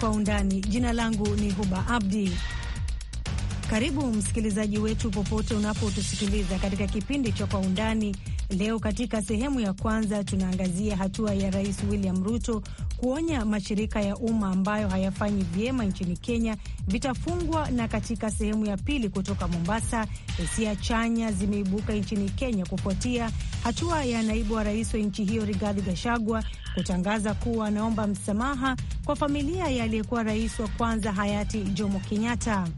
Kwa Undani. Jina langu ni Huba Abdi. Karibu msikilizaji wetu popote unapotusikiliza katika kipindi cha Kwa Undani. Leo katika sehemu ya kwanza tunaangazia hatua ya Rais William Ruto kuonya mashirika ya umma ambayo hayafanyi vyema nchini Kenya vitafungwa, na katika sehemu ya pili kutoka Mombasa, hisia chanya zimeibuka nchini Kenya kufuatia hatua ya naibu wa rais wa nchi hiyo Rigathi Gachagua kutangaza kuwa anaomba msamaha kwa familia ya aliyekuwa rais wa kwanza hayati Jomo Kenyatta.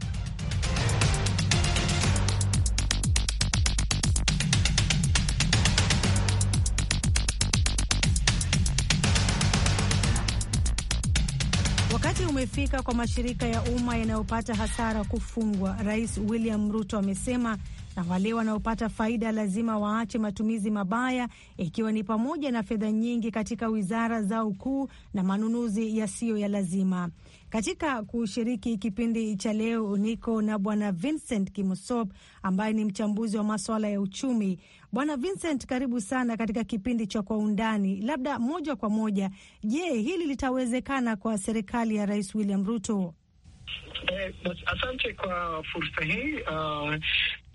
Wakati umefika kwa mashirika ya umma yanayopata hasara kufungwa, Rais William Ruto amesema na wale wanaopata faida lazima waache matumizi mabaya, ikiwa ni pamoja na fedha nyingi katika wizara zao kuu na manunuzi yasiyo ya lazima. Katika kushiriki kipindi cha leo niko na Bwana Vincent Kimusop ambaye ni mchambuzi wa maswala ya uchumi. Bwana Vincent, karibu sana katika kipindi cha Kwa Undani. Labda moja kwa moja, je, hili litawezekana kwa serikali ya Rais William Ruto? Eh, asante kwa fursa hii. Uh,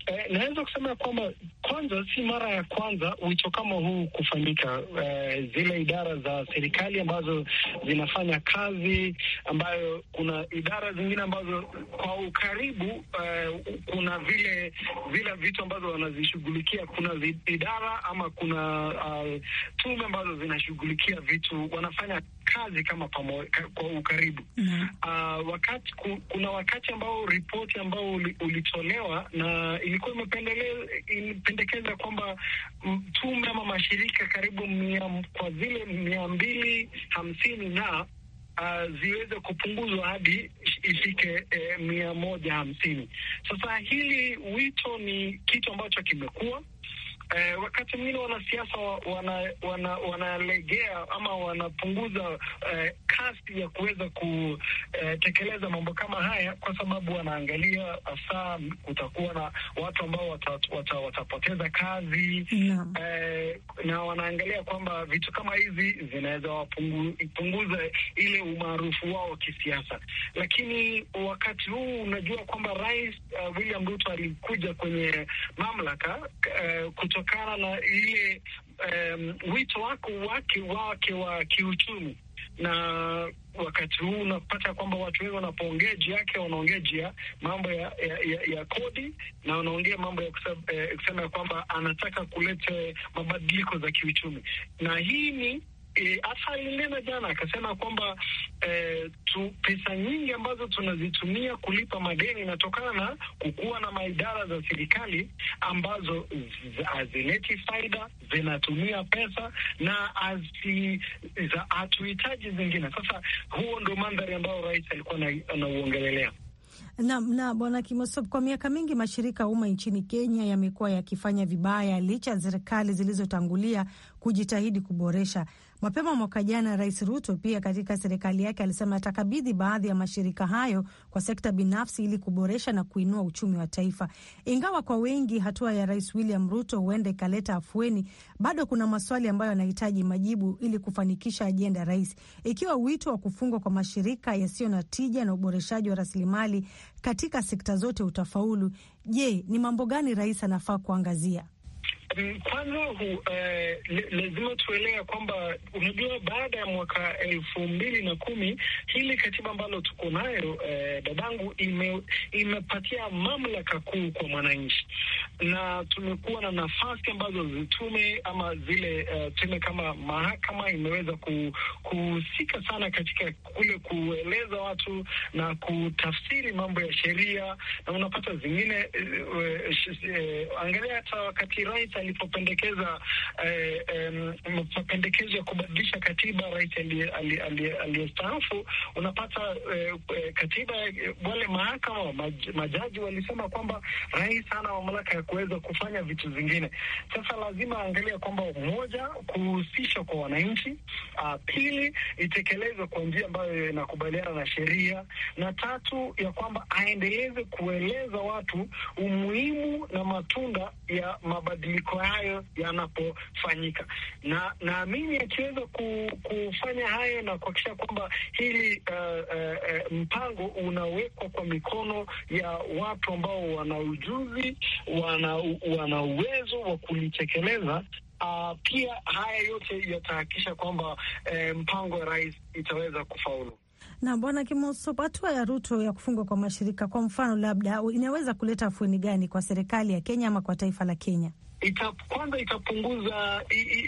Eh, naweza kusema kwamba kwanza, si mara ya kwanza wito kama huu kufanyika. Eh, zile idara za serikali ambazo zinafanya kazi ambayo kuna idara zingine ambazo kwa ukaribu eh, kuna vile vile vitu ambazo wanazishughulikia, kuna idara ama kuna uh, tume ambazo zinashughulikia vitu wanafanya kazi kama pamo, kwa ukaribu mm. Uh, wakati ku, kuna wakati ambao ripoti ambao ulitolewa na ilikuwa imependekeza kwamba tume ama mashirika karibu mia, kwa zile mia mbili hamsini na Uh, ziweze kupunguzwa hadi ifike eh, mia moja hamsini. Sasa hili wito ni kitu ambacho kimekuwa Eh, wakati mwingine wanasiasa wanalegea wana, wana ama wanapunguza eh, kasi ya kuweza kutekeleza eh, mambo kama haya, kwa sababu wanaangalia hasa kutakuwa na watu ambao watapoteza wata, wata kazi yeah. Eh, na wanaangalia kwamba vitu kama hizi zinaweza wapunguza ile umaarufu wao kisiasa, lakini wakati huu unajua kwamba Rais uh, William Ruto alikuja kwenye mamlaka uh, kutokana na ile um, wito wako wake wake wa kiuchumi na wakati huu unapata kwamba watu wengi wanapoongea juu yake wanaongea juu ya mambo ya, ya, ya kodi na wanaongea mambo ya eh, kusema ya kwamba anataka kuleta mabadiliko za kiuchumi, na hii ni e, alinena jana akasema kwamba e, tu, pesa nyingi ambazo tunazitumia kulipa madeni inatokana na kukuwa na maidara za serikali ambazo hazileti faida, zinatumia pesa na hatuhitaji zingine. Sasa huo ndo mandhari ambayo rais alikuwa anauongelelea. Naam, na Bwana Kimosop, kwa miaka mingi mashirika ya umma nchini Kenya yamekuwa yakifanya vibaya licha ya serikali zilizotangulia kujitahidi kuboresha. Mapema mwaka jana, Rais Ruto pia katika serikali yake alisema atakabidhi baadhi ya mashirika hayo kwa sekta binafsi ili kuboresha na kuinua uchumi wa taifa. Ingawa kwa wengi hatua ya Rais William Ruto huenda ikaleta afueni, bado kuna maswali ambayo yanahitaji majibu ili kufanikisha ajenda rais, ikiwa wito wa kufungwa kwa mashirika yasiyo na tija na uboreshaji wa rasilimali katika sekta zote utafaulu. Je, ni mambo gani rais anafaa kuangazia? Kwanza hu, uh, lazima tuelewe kwamba unajua, baada ya mwaka elfu mbili na kumi hili katiba ambalo tuko nayo uh, dadangu, ime, imepatia mamlaka kuu kwa mwananchi, na tumekuwa na nafasi ambazo zitume ama zile uh, eh, tume kama mahakama imeweza kuhusika sana katika kule kueleza watu na kutafsiri mambo ya sheria, na unapata zingine uh, uh, angalia hata wakati rais alipopendekeza eh, eh, mapendekezo ya kubadilisha katiba, rais aliyestaafu, unapata eh, eh katiba, eh, wale mahakama maj, majaji walisema kwamba rais hana mamlaka ya kuweza kufanya vitu zingine. Sasa lazima aangalia kwamba moja, kuhusisha kwa wananchi; ah, pili, itekelezwe kwa njia ambayo inakubaliana na sheria, na tatu, ya kwamba aendeleze kueleza watu umuhimu na matunda ya mabadiliko mabadiliko hayo yanapofanyika, na naamini akiweza ku, kufanya hayo na kuhakikisha kwamba hili uh, uh, uh, mpango unawekwa kwa mikono ya watu ambao wana ujuzi, wana uwezo wa kulitekeleza. Uh, pia haya yote yatahakikisha kwamba eh, mpango wa rais itaweza kufaulu. Na Bwana Kimoso, hatua ya Ruto ya kufungwa kwa mashirika kwa mfano, labda inaweza kuleta afueni gani kwa serikali ya Kenya ama kwa taifa la Kenya? ita, kwanza itapunguza i, i,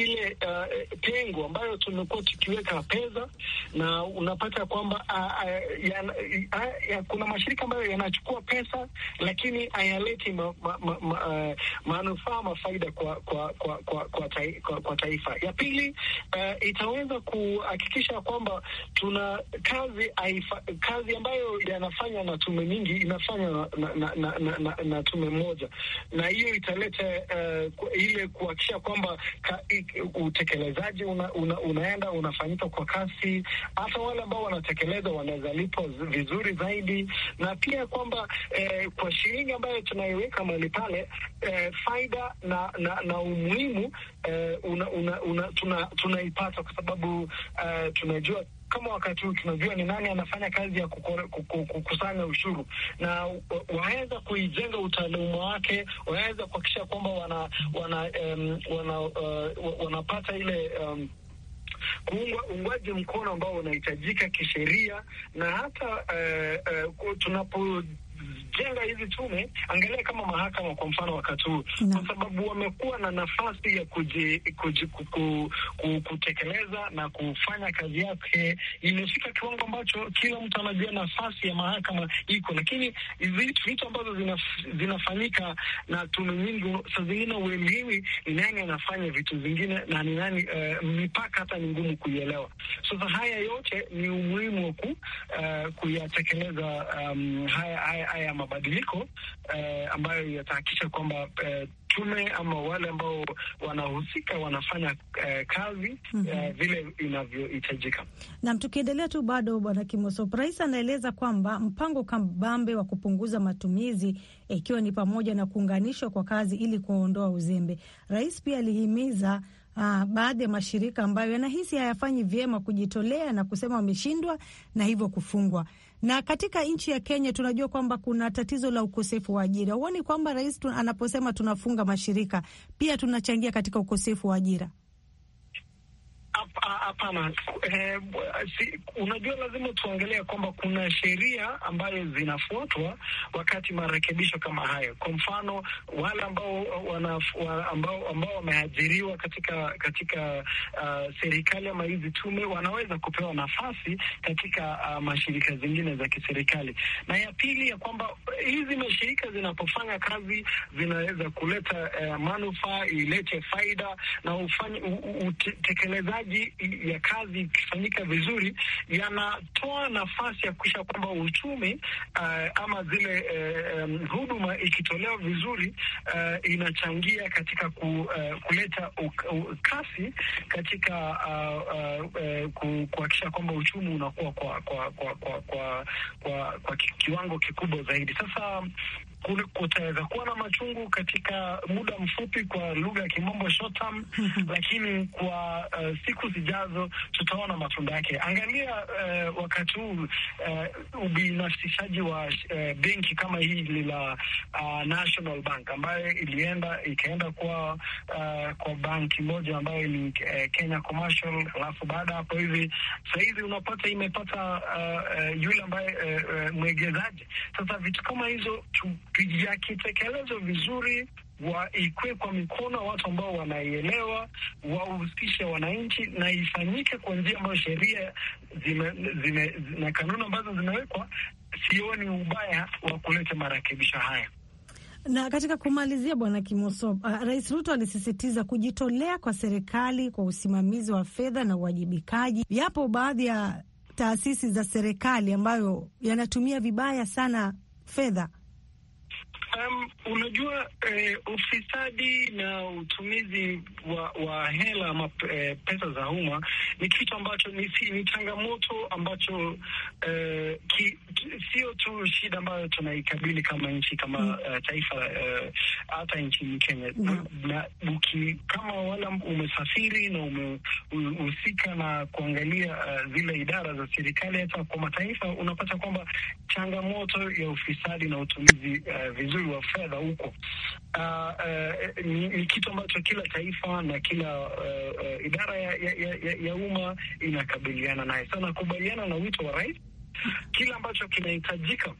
ile uh, pengo ambayo tumekuwa tukiweka pesa, na unapata kwamba uh, uh, ya, uh, ya, kuna mashirika ambayo yanachukua pesa lakini hayaleti ma, ma, ma, ma, uh, manufaa mafaida kwa kwa kwa, kwa, kwa, tai, kwa, kwa taifa. Ya pili uh, itaweza kuhakikisha kwamba tuna kazi aifa, kazi ambayo yanafanywa na tume nyingi inafanywa na, na, na, na, na, na tume moja, na hiyo italeta ile uh, eh, ile kuhakikisha kwamba utekelezaji una, una, unaenda unafanyika kwa kasi, hata wale ambao wanatekeleza wanaweza lipo vizuri zaidi, na pia kwamba eh, kwa shilingi ambayo tunaiweka mahali pale eh, faida na na, na umuhimu eh, tunaipata tuna kwa sababu eh, tunajua kama wakati huu tunajua ni nani anafanya kazi ya kukusanya ushuru, na waweza kuijenga utaaluma wake, waweza kuhakikisha kwamba wana wana um, wana uh, wanapata ile um, uungwaji mkono ambao unahitajika kisheria na hata uh, uh, tunapo kujenga hizi tume, angalia kama mahakama kwa mfano wakati huu, kwa sababu wamekuwa na nafasi ya kuji, kuji, kuku, kutekeleza na kufanya kazi yake. Imefika kiwango ambacho kila mtu anajua nafasi ya mahakama iko, lakini vitu ambazo zina, zinafanyika na tume nyingi, saa zingine uelewi ni nani anafanya vitu vingine na ni nani uh, mipaka hata ni ngumu kuielewa. Sasa haya yote ni umuhimu wa ku, uh, kuyatekeleza um, haya, haya, haya mabadiliko eh, ambayo yatahakikisha kwamba eh, tume ama wale ambao wanahusika wanafanya eh, kazi mm -hmm. eh, vile inavyohitajika. Nam, tukiendelea tu bado, Bwana Kimosop, rais anaeleza kwamba mpango kabambe wa kupunguza matumizi ikiwa eh, ni pamoja na kuunganishwa kwa kazi ili kuondoa uzembe. Rais pia alihimiza Ah, baadhi ya mashirika ambayo yanahisi hayafanyi vyema kujitolea na kusema wameshindwa na hivyo kufungwa. Na katika nchi ya Kenya tunajua kwamba kuna tatizo la ukosefu wa ajira. Huoni kwamba rais anaposema tunafunga mashirika pia tunachangia katika ukosefu wa ajira? Hapana, eh, si, unajua lazima tuongelea kwamba kuna sheria ambayo zinafuatwa wakati marekebisho kama hayo. Kwa mfano wale ambao ambao ambao wameajiriwa katika katika uh, serikali ama hizi tume wanaweza kupewa nafasi katika uh, mashirika zingine za kiserikali, na ya pili ya kwamba hizi mashirika zinapofanya kazi zinaweza kuleta uh, manufaa, ilete faida na utekelezaji mahitaji ya kazi ikifanyika vizuri, yanatoa nafasi ya kuisha kwamba uchumi uh, ama zile uh, huduma ikitolewa vizuri uh, inachangia katika ku, uh, kuleta kasi katika uh, uh, kuhakikisha kwamba uchumi unakuwa kwa kwa kwa kwa kwa, kwa, kwa kiwango kikubwa zaidi. Sasa kutaweza kuwa na machungu katika muda mfupi, kwa lugha ya kimombo short term, lakini kwa uh, siku zijazo tutaona matunda yake. Angalia uh, wakati huu uh, ubinafsishaji wa uh, benki kama hili la uh, National Bank ambayo ilienda ikaenda kwa uh, kwa banki moja ambayo ni uh, Kenya Commercial, alafu baada hapo hivi sahizi unapata imepata uh, uh, yule ambaye uh, uh, mwegezaji. Sasa vitu kama hizo tu yakitekelezwa vizuri waikwe kwa mikono watu ambao wanaielewa, wahusishe wananchi na ifanyike kwa njia ambayo sheria zime, zime, na kanuni ambazo zimewekwa. Sioni ubaya wa kuleta marekebisho haya. Na katika kumalizia, Bwana Kimoso, uh, Rais Ruto alisisitiza kujitolea kwa serikali kwa usimamizi wa fedha na uwajibikaji. Yapo baadhi ya taasisi za serikali ambayo yanatumia vibaya sana fedha Um, unajua eh, ufisadi na utumizi wa, wa hela ama eh, pesa za umma ni kitu ambacho ni changamoto ambacho eh, sio tu shida ambayo tunaikabili kama nchi kama mm. uh, taifa eh, hata uh, nchini Kenya mm. na, na, uki, kama wala umesafiri na umehusika na kuangalia uh, zile idara za serikali hata kwa mataifa unapata kwamba changamoto ya ufisadi na utumizi uh, vizuri uzuri wa fedha huko. Uh, uh, ni, ni kitu ambacho kila taifa na kila uh, uh, idara ya, ya, ya, ya umma inakabiliana naye. Sasa nakubaliana na wito wa rais, kile ambacho kinahitajika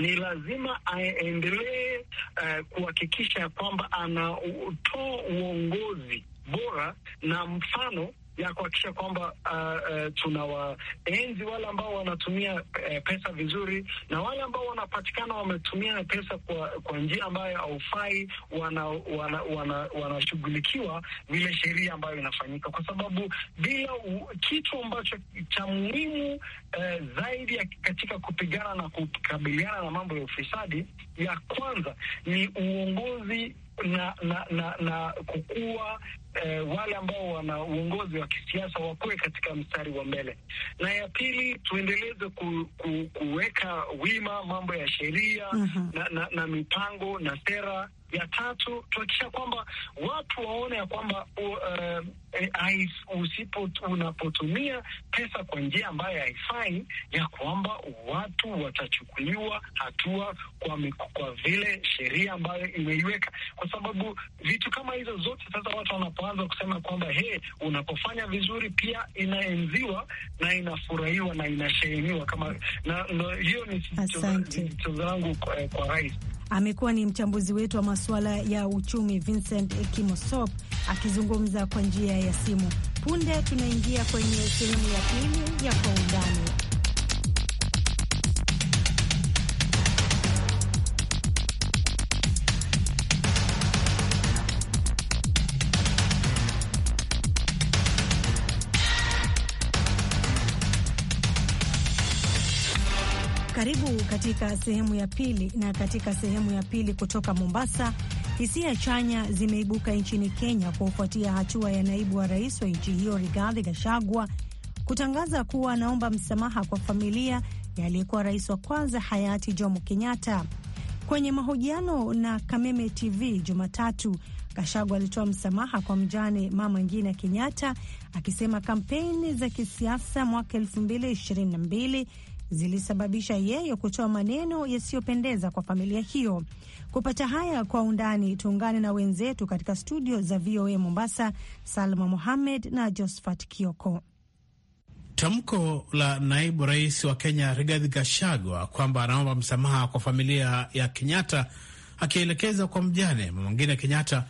ni lazima aendelee uh, kuhakikisha ya kwamba anatoa uongozi bora na mfano ya kuhakikisha kwamba uh, uh, waenzi wale ambao wanatumia uh, pesa vizuri na wale ambao wanapatikana wametumia pesa kwa, kwa njia ambayo haufai, wanashughulikiwa wana, wana, wana vile sheria ambayo inafanyika, kwa sababu bila u, kitu ambacho cha muhimu uh, zaidi ya katika kupigana na kukabiliana na mambo ya ufisadi, ya kwanza ni uongozi na, na, na, na kukua eh, wale ambao wana uongozi wa kisiasa wakuwe katika mstari wa mbele, na ya pili tuendeleze ku, ku, kuweka wima mambo ya sheria mm -hmm. na, na, na mipango na sera ya tatu tuhakikisha kwamba watu waone ya kwamba uh, usipo unapotumia pesa kwa njia ambayo haifai, ya kwamba watu watachukuliwa hatua kwa, kwa vile sheria ambayo imeiweka, kwa sababu vitu kama hizo zote sasa watu wanapoanza kusema kwamba he, unapofanya vizuri pia inaenziwa na inafurahiwa na inasheheniwa kama na, hiyo ni chanzo zangu kwa, eh, kwa rais amekuwa ni mchambuzi wetu wa masuala ya uchumi Vincent Kimosop akizungumza kwa njia ya simu. Punde tunaingia kwenye sehemu ya pili ya Kwa Undani. Karibu katika sehemu ya pili. Na katika sehemu ya pili kutoka Mombasa, hisia chanya zimeibuka nchini Kenya kwa kufuatia hatua ya naibu wa rais wa nchi hiyo Rigathi Gachagua kutangaza kuwa anaomba msamaha kwa familia ya aliyekuwa rais wa kwanza hayati Jomo Kenyatta. Kwenye mahojiano na Kameme TV Jumatatu, Gachagua alitoa msamaha kwa mjane Mama Ngina Kenyatta akisema kampeni za kisiasa mwaka 2022 zilisababisha yeye kutoa maneno yasiyopendeza kwa familia hiyo. Kupata haya kwa undani, tuungane na wenzetu katika studio za VOA Mombasa, Salma Mohamed na Josphat Kioko. Tamko la naibu rais wa Kenya Rigathi Gachagua kwamba anaomba msamaha kwa familia ya Kenyatta akielekeza kwa mjane mama mwingine Kenyatta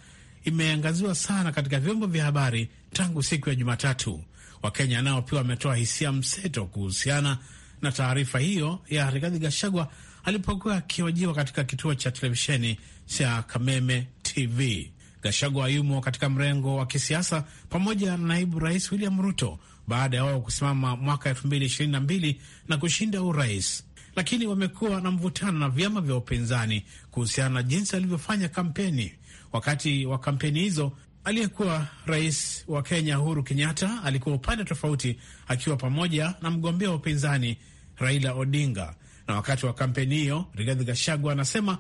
imeangaziwa sana katika vyombo vya habari tangu siku ya Jumatatu. Wakenya nao pia wametoa hisia mseto kuhusiana na taarifa hiyo ya Rigathi Gachagua alipokuwa akiojiwa katika kituo cha televisheni cha Kameme TV. Gachagua yumo katika mrengo wa kisiasa pamoja na naibu rais William Ruto baada ya wao kusimama mwaka 2022 na kushinda urais, lakini wamekuwa na mvutano na vyama vya upinzani kuhusiana na jinsi alivyofanya kampeni. Wakati wa kampeni hizo, Aliyekuwa rais wa Kenya Uhuru Kenyatta alikuwa upande tofauti, akiwa pamoja na mgombea wa upinzani Raila Odinga. Na wakati wa kampeni hiyo, Rigathi Gachagua anasema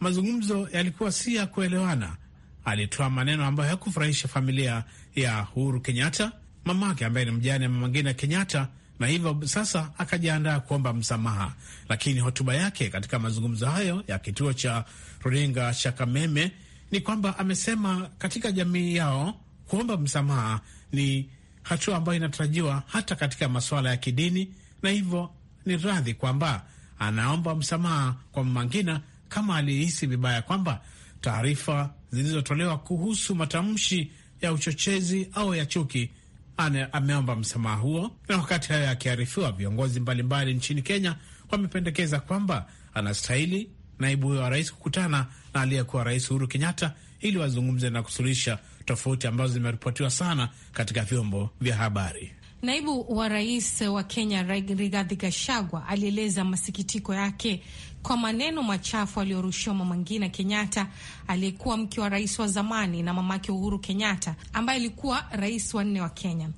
mazungumzo yalikuwa si ya kuelewana. Alitoa maneno ambayo hayakufurahisha familia ya Uhuru Kenyatta, mamake ambaye ni mjane mama Ngina Kenyatta, na hivyo sasa akajiandaa kuomba msamaha. Lakini hotuba yake katika mazungumzo hayo ya kituo cha runinga cha Kameme ni kwamba amesema katika jamii yao kuomba msamaha ni hatua ambayo inatarajiwa hata katika masuala ya kidini, na hivyo ni radhi kwamba anaomba msamaha kwa Mangina kama alihisi vibaya kwamba taarifa zilizotolewa kuhusu matamshi ya uchochezi au ya chuki ane, ameomba msamaha huo. Na wakati hayo akiarifiwa, viongozi mbalimbali nchini Kenya wamependekeza kwamba anastahili naibu huyo wa rais kukutana na aliyekuwa rais Uhuru Kenyatta ili wazungumze na kusuluhisha tofauti ambazo zimeripotiwa sana katika vyombo vya habari. Naibu wa rais wa Kenya Rigathi Gachagua alieleza masikitiko yake kwa maneno machafu aliyorushiwa Mama Ngina Kenyatta, aliyekuwa mke wa rais wa zamani na mamake Uhuru Kenyatta, ambaye alikuwa rais wa nne wa Kenya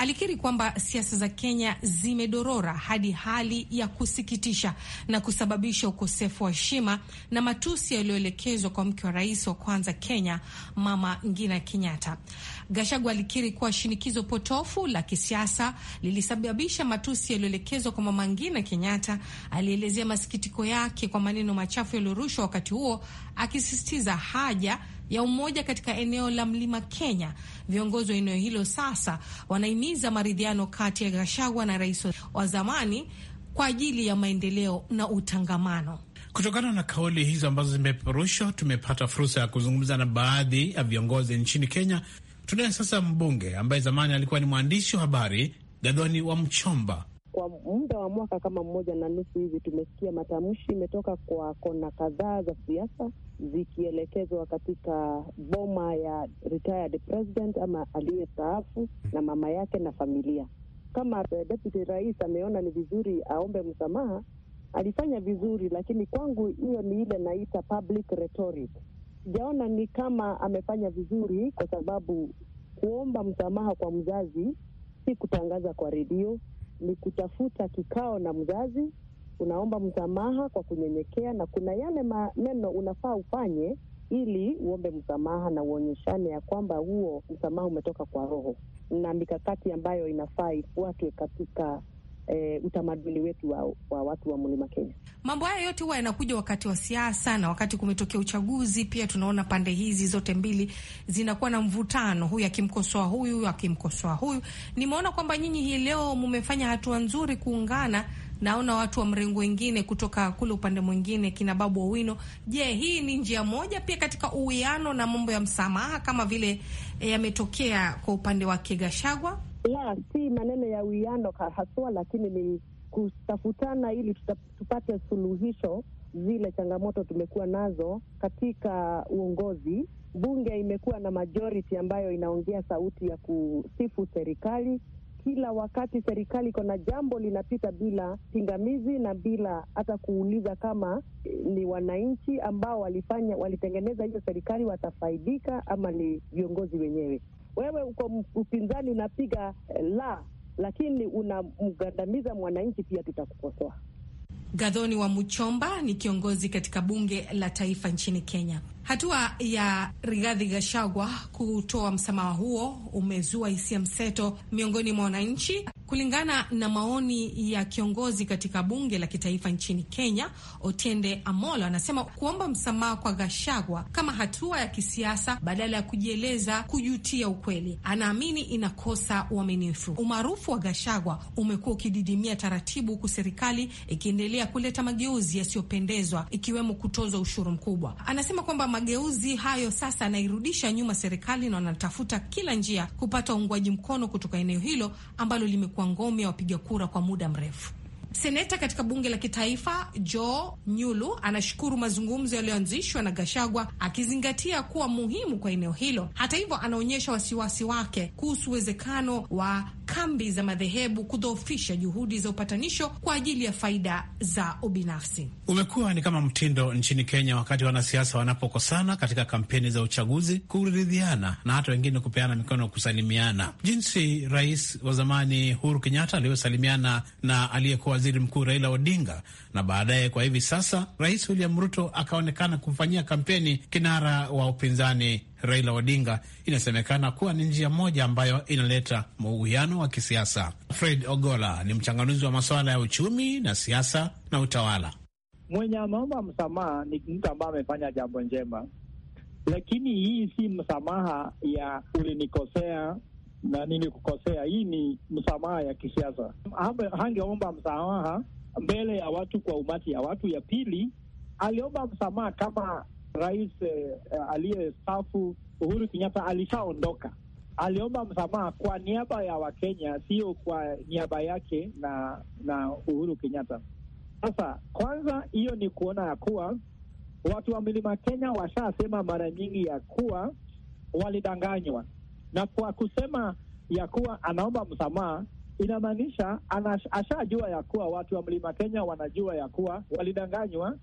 alikiri kwamba siasa za Kenya zimedorora hadi hali ya kusikitisha na kusababisha ukosefu wa heshima na matusi yaliyoelekezwa kwa mke wa rais wa kwanza Kenya, Mama Ngina Kenyatta. Gashagwa alikiri kuwa shinikizo potofu la kisiasa lilisababisha matusi yaliyoelekezwa kwa Mama Ngina Kenyatta. Alielezea masikitiko yake kwa maneno machafu yaliyorushwa wakati huo, akisisitiza haja ya umoja katika eneo la mlima Kenya. Viongozi wa eneo hilo sasa wanahimiza maridhiano kati ya Gashagwa na rais wa zamani kwa ajili ya maendeleo na utangamano. Kutokana na kauli hizo ambazo zimepeperushwa, tumepata fursa ya kuzungumza na baadhi ya viongozi nchini Kenya. Tunaye sasa mbunge ambaye zamani alikuwa ni mwandishi wa habari Gadhoni wa Mchomba kwa muda wa mwaka kama mmoja na nusu hivi, tumesikia matamshi imetoka kwa kona kadhaa za siasa zikielekezwa katika boma ya retired president ama aliyestaafu na mama yake na familia. Kama deputy rais ameona ni vizuri aombe msamaha, alifanya vizuri, lakini kwangu hiyo ni ile naita public rhetoric. Sijaona ni kama amefanya vizuri, kwa sababu kuomba msamaha kwa mzazi si kutangaza kwa redio ni kutafuta kikao na mzazi, unaomba msamaha kwa kunyenyekea, na kuna yale maneno unafaa ufanye ili uombe msamaha na uonyeshane ya kwamba huo msamaha umetoka kwa roho, na mikakati ambayo inafaa ifuatwe katika e, utamaduni wetu wa, wa watu wa mlima Kenya. Mambo haya yote huwa yanakuja wakati wa siasa na wakati kumetokea uchaguzi pia. Tunaona pande hizi zote mbili zinakuwa na mvutano, huyu akimkosoa huyu, huyu akimkosoa huyu. Nimeona kwamba nyinyi hii leo mmefanya hatua nzuri kuungana naona watu wa mrengo wengine kutoka kule upande mwingine kina Babu Owino. Je, hii ni njia moja pia katika uwiano na mambo ya msamaha kama vile eh, yametokea kwa upande wa Kegashagwa? la si maneno ya uiano haswa, lakini ni kutafutana ili tupate suluhisho zile changamoto tumekuwa nazo katika uongozi. Bunge imekuwa na majority ambayo inaongea sauti ya kusifu serikali kila wakati. Serikali iko na jambo linapita bila pingamizi na bila hata kuuliza kama eh, ni wananchi ambao walifanya walitengeneza hiyo serikali watafaidika ama ni viongozi wenyewe. Wewe uko upinzani, unapiga eh, la, lakini unamgandamiza mwananchi, pia tutakukosoa. Gadhoni wa Muchomba ni kiongozi katika bunge la taifa nchini Kenya. Hatua ya Rigathi Gachagua kutoa msamaha huo umezua hisia mseto miongoni mwa wananchi. Kulingana na maoni ya kiongozi katika bunge la kitaifa nchini Kenya, Otiende Amolo, anasema kuomba msamaha kwa Gachagua kama hatua ya kisiasa badala ya kujieleza kujutia ukweli. Anaamini inakosa uaminifu. Umaarufu wa Gachagua umekuwa ukididimia taratibu, huku serikali ikiendelea kuleta mageuzi yasiyopendezwa, ikiwemo kutozwa ushuru mkubwa. Anasema kwamba mageuzi hayo sasa anairudisha nyuma serikali na wanatafuta kila njia kupata uungwaji mkono kutoka eneo hilo ambalo limekuwa ngome ya wapiga kura kwa muda mrefu. Seneta katika bunge la kitaifa Joe Nyulu anashukuru mazungumzo yaliyoanzishwa na Gashagwa akizingatia kuwa muhimu kwa eneo hilo. Hata hivyo, anaonyesha wasiwasi wake kuhusu uwezekano wa kambi za madhehebu kudhoofisha juhudi za upatanisho kwa ajili ya faida za ubinafsi. Umekuwa ni kama mtindo nchini Kenya wakati wanasiasa wanapokosana katika kampeni za uchaguzi kuridhiana na hata wengine kupeana mikono kusalimiana, jinsi rais wa zamani Uhuru Kenyatta aliyosalimiana na aliyekuwa waziri mkuu Raila Odinga, na baadaye kwa hivi sasa Rais William Ruto akaonekana kumfanyia kampeni kinara wa upinzani Raila Odinga inasemekana kuwa ni njia moja ambayo inaleta muuyano wa kisiasa. Fred Ogola ni mchanganuzi wa masuala ya uchumi na siasa na utawala. Mwenye ameomba msamaha ni mtu ambaye amefanya jambo njema, lakini hii si msamaha ya ulinikosea na nilikukosea. Hii ni msamaha ya kisiasa. Hangeomba msamaha mbele ya watu kwa umati ya watu. Ya pili, aliomba msamaha kama rais eh, aliyestaafu Uhuru Kenyatta alishaondoka, aliomba msamaha kwa niaba ya Wakenya, sio kwa niaba yake na na Uhuru Kenyatta. Sasa kwanza, hiyo ni kuona ya kuwa watu wa Mlima Kenya washasema mara nyingi ya kuwa walidanganywa, na kwa kusema ya kuwa anaomba msamaha inamaanisha ashajua ya kuwa watu wa Mlima Kenya wanajua ya kuwa walidanganywa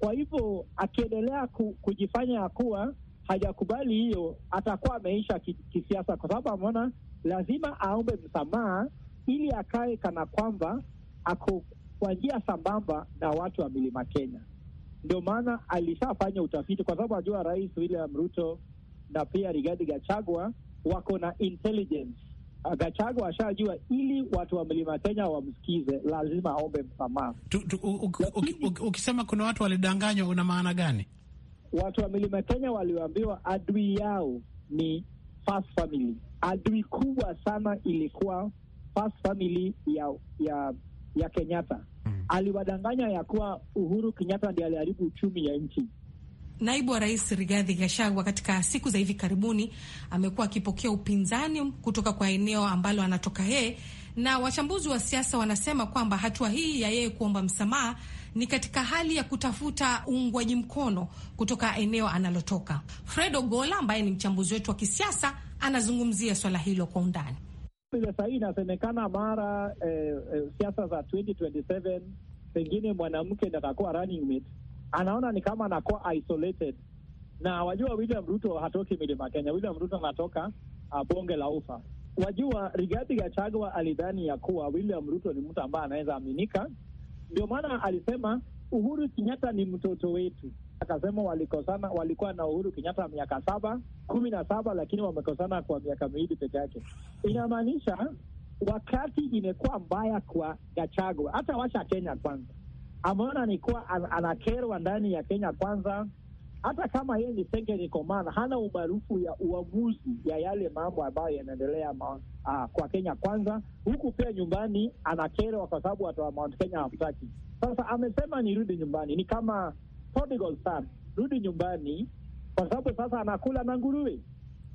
kwa hivyo akiendelea ku, kujifanya ya kuwa hajakubali hiyo, atakuwa ameisha kisiasa, kwa sababu ameona lazima aombe msamaha ili akae kana kwamba ako kwa njia sambamba na watu wa milima Kenya. Ndio maana alishafanya utafiti, kwa sababu ajua Rais William Ruto na pia Rigathi Gachagua wako na intelligence Ah, Gachagua ashajua, ili watu wa mlima Kenya wamsikize lazima aombe msamaha. Ukisema kuna watu walidanganywa, una maana gani? Watu wa mlima Kenya walioambiwa adui yao ni First Family. Adui kubwa sana ilikuwa First Family ya ya, ya Kenyatta. Hmm, Aliwadanganya ya kuwa Uhuru Kenyatta ndiye aliharibu uchumi ya nchi Naibu wa Rais Rigathi Gachagua katika siku za hivi karibuni amekuwa akipokea upinzani kutoka kwa eneo ambalo anatoka yeye, na wachambuzi wa siasa wanasema kwamba hatua hii ya yeye kuomba msamaha ni katika hali ya kutafuta uungwaji mkono kutoka eneo analotoka. Fred Ogola ambaye ni mchambuzi wetu wa kisiasa anazungumzia swala hilo kwa undani. Sasa hii inasemekana mara eh, eh, siasa za 2027 pengine mwanamke atakuwa running mate anaona ni kama anakuwa isolated, na wajua William Ruto hatoki milima Kenya. William Ruto anatoka uh, bonge la ufa. Wajua Rigathi Gachagua alidhani ya kuwa William Ruto ni mtu ambaye anaweza aminika, ndio maana alisema Uhuru Kenyatta ni mtoto wetu. Akasema walikosana, walikuwa na Uhuru Kenyatta miaka saba kumi na saba, lakini wamekosana kwa miaka miwili peke yake. Inamaanisha wakati imekuwa mbaya kwa Gachagua, hata washa Kenya kwanza ameona ni kuwa anakerwa ndani ya Kenya Kwanza, hata kama yeye ni senge hana umaarufu ya uamuzi ya yale mambo ambayo yanaendelea ah, kwa Kenya Kwanza, huku pia nyumbani anakerwa kwa sababu watu wa Mount Kenya hawataki. Sasa amesema ni rudi nyumbani, ni kama prodigal son, rudi nyumbani kwa sababu sasa anakula na nguruwe.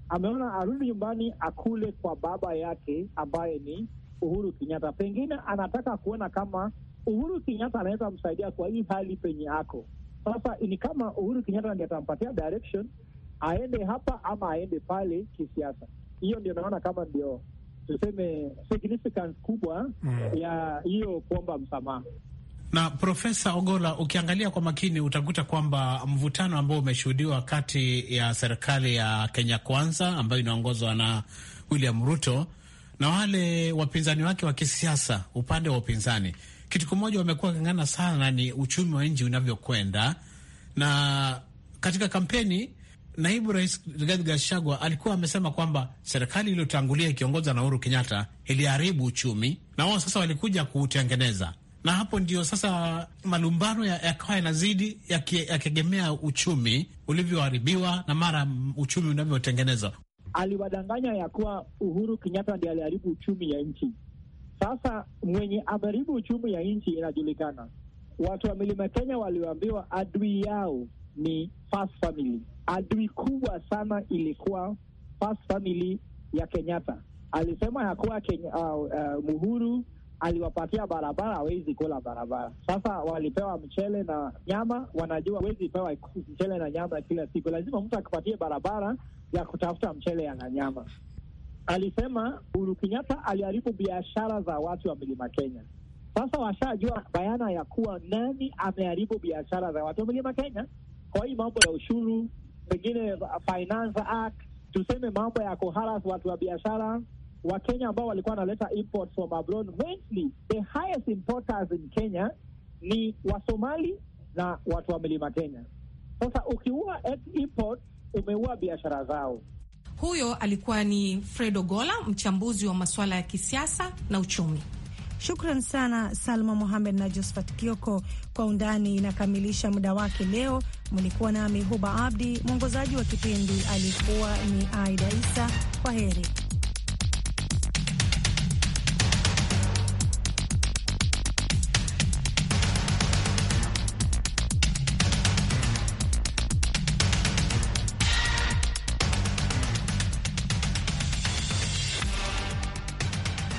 Ameona arudi nyumbani akule kwa baba yake ambaye ni Uhuru Kenyatta. Pengine anataka kuona kama Uhuru Kenyatta anaweza msaidia kwa hii hali penye ako sasa. Ni kama Uhuru Kenyatta ndiye atampatia direction aende hapa ama aende pale kisiasa. Hiyo ndio naona kama ndio tuseme significance kubwa mm, ya hiyo kuomba msamaha na Profesa Ogola, ukiangalia kwa makini utakuta kwamba mvutano ambao umeshuhudiwa kati ya serikali ya Kenya Kwanza ambayo inaongozwa na William Ruto na wale wapinzani wake wa kisiasa, upande wa upinzani kitu kimoja wamekuwa waking'ana sana ni uchumi wa nchi unavyokwenda, na katika kampeni Naibu Rais Rigathi Gachagua alikuwa amesema kwamba serikali iliyotangulia ikiongoza na Uhuru Kenyatta iliharibu uchumi na wao sasa walikuja kuutengeneza, na hapo ndio sasa malumbano yakawa ya yanazidi yakiegemea ya uchumi ulivyoharibiwa na mara uchumi unavyotengenezwa. Aliwadanganya ya kuwa Uhuru Kenyatta ndiye aliharibu uchumi ya nchi sasa mwenye amaribu uchumi ya nchi inajulikana. Watu wa milima Kenya walioambiwa adui yao ni First Family. Adui kubwa sana ilikuwa First Family ya Kenyatta. Alisema ya kuwa Kenya, uh, uh, Muhuru aliwapatia barabara, hawezi kula barabara. Sasa walipewa mchele na nyama, wanajua wezi pewa mchele na nyama kila siku, lazima mtu akipatie barabara ya kutafuta mchele na nyama alisema Uhuru Kenyatta aliharibu biashara za watu wa Mlima Kenya. Sasa washajua bayana ya kuwa nani ameharibu biashara za watu wa Mlima Kenya kwa hii mambo ya ushuru, pengine Finance Act, tuseme mambo ya kuharas watu wa biashara Wakenya ambao walikuwa wanaleta imports from abroad. Mainly the highest importers in Kenya ni Wasomali na watu wa Mlima Kenya. Sasa ukiua export, umeua biashara zao. Huyo alikuwa ni Fredo Gola, mchambuzi wa masuala ya kisiasa na uchumi. Shukran sana Salma Mohamed na Josephat Kioko. Kwa Undani inakamilisha muda wake leo. Mlikuwa nami Huba Abdi, mwongozaji wa kipindi alikuwa ni Aida Isa. Kwa heri.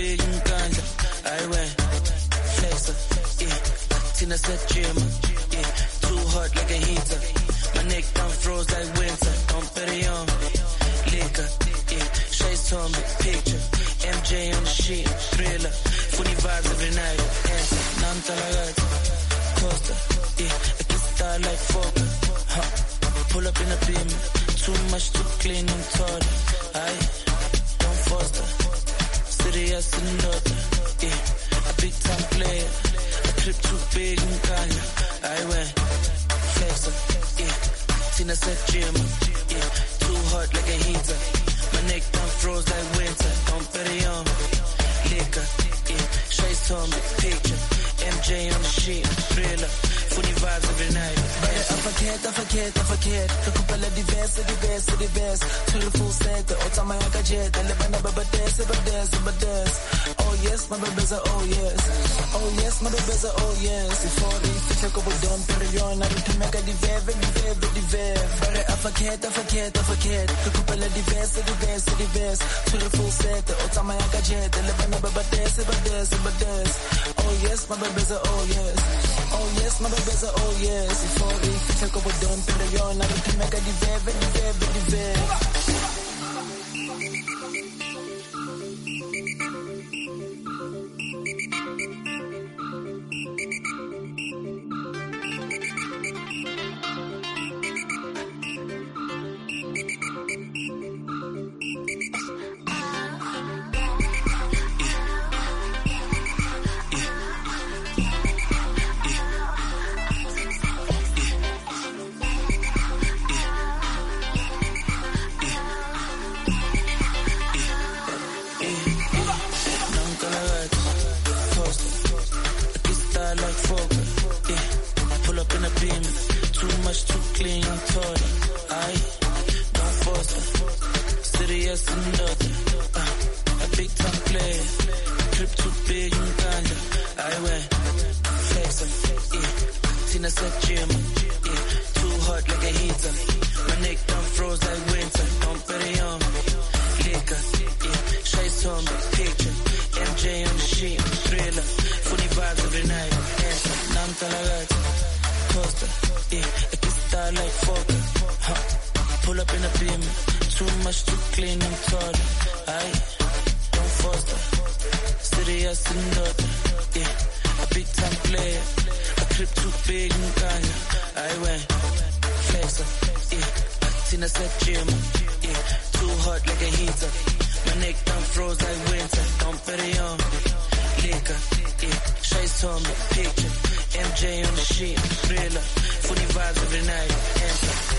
big in I went flexer, yeah. Tina said gym, yeah. Too hot like a heater. My neck down froze like winter. I'm pretty on liquor, yeah. Chase on the picture. MJ on the sheet, thriller. Funny vibes every night. Answer, nam talagat. Costa, yeah. I can star like Fokker, huh. Pull up in a beam. Too much to clean and taller. I don't foster to the yes and nothing. Yeah, a big time player. A trip too big and Kanye. I went faster. Yeah, Tina said gym. Yeah, too hot like a heater. My neck down froze like winter. Don't bet it liquor. Yeah, Shay's home, picture. MJ on the sheet, thriller funny vibes every night. I forget, I forget, I forget. Kakupala di best, di best, di best. To the full set, the old time I got jet. And the baba dance, baba dance, baba dance. Oh yes, my babies are oh yes. Oh yes, my babies are oh yes. If all if you take over Don Perignon, I need to make a divev, divev, divev. But I forget, I forget, I forget. Kakupala di best, di best, di best. To the full set, the old time I got jet. And the baba dance, baba dance, baba dance. Oh yes, my babies are oh yes oh yes, my a oh yes, ifori, take over don't penda yona, make a diveve, diveve, diveve. player. A trip too big, nunca calla. Ay, wey, flexa, yeah. Tina said gym, yeah. Too hot like a heater. My neck done froze like winter. Don't put it on me. Liquor, yeah. Shades on me, picture. MJ on the sheet, thriller. Funny vibes every night, answer.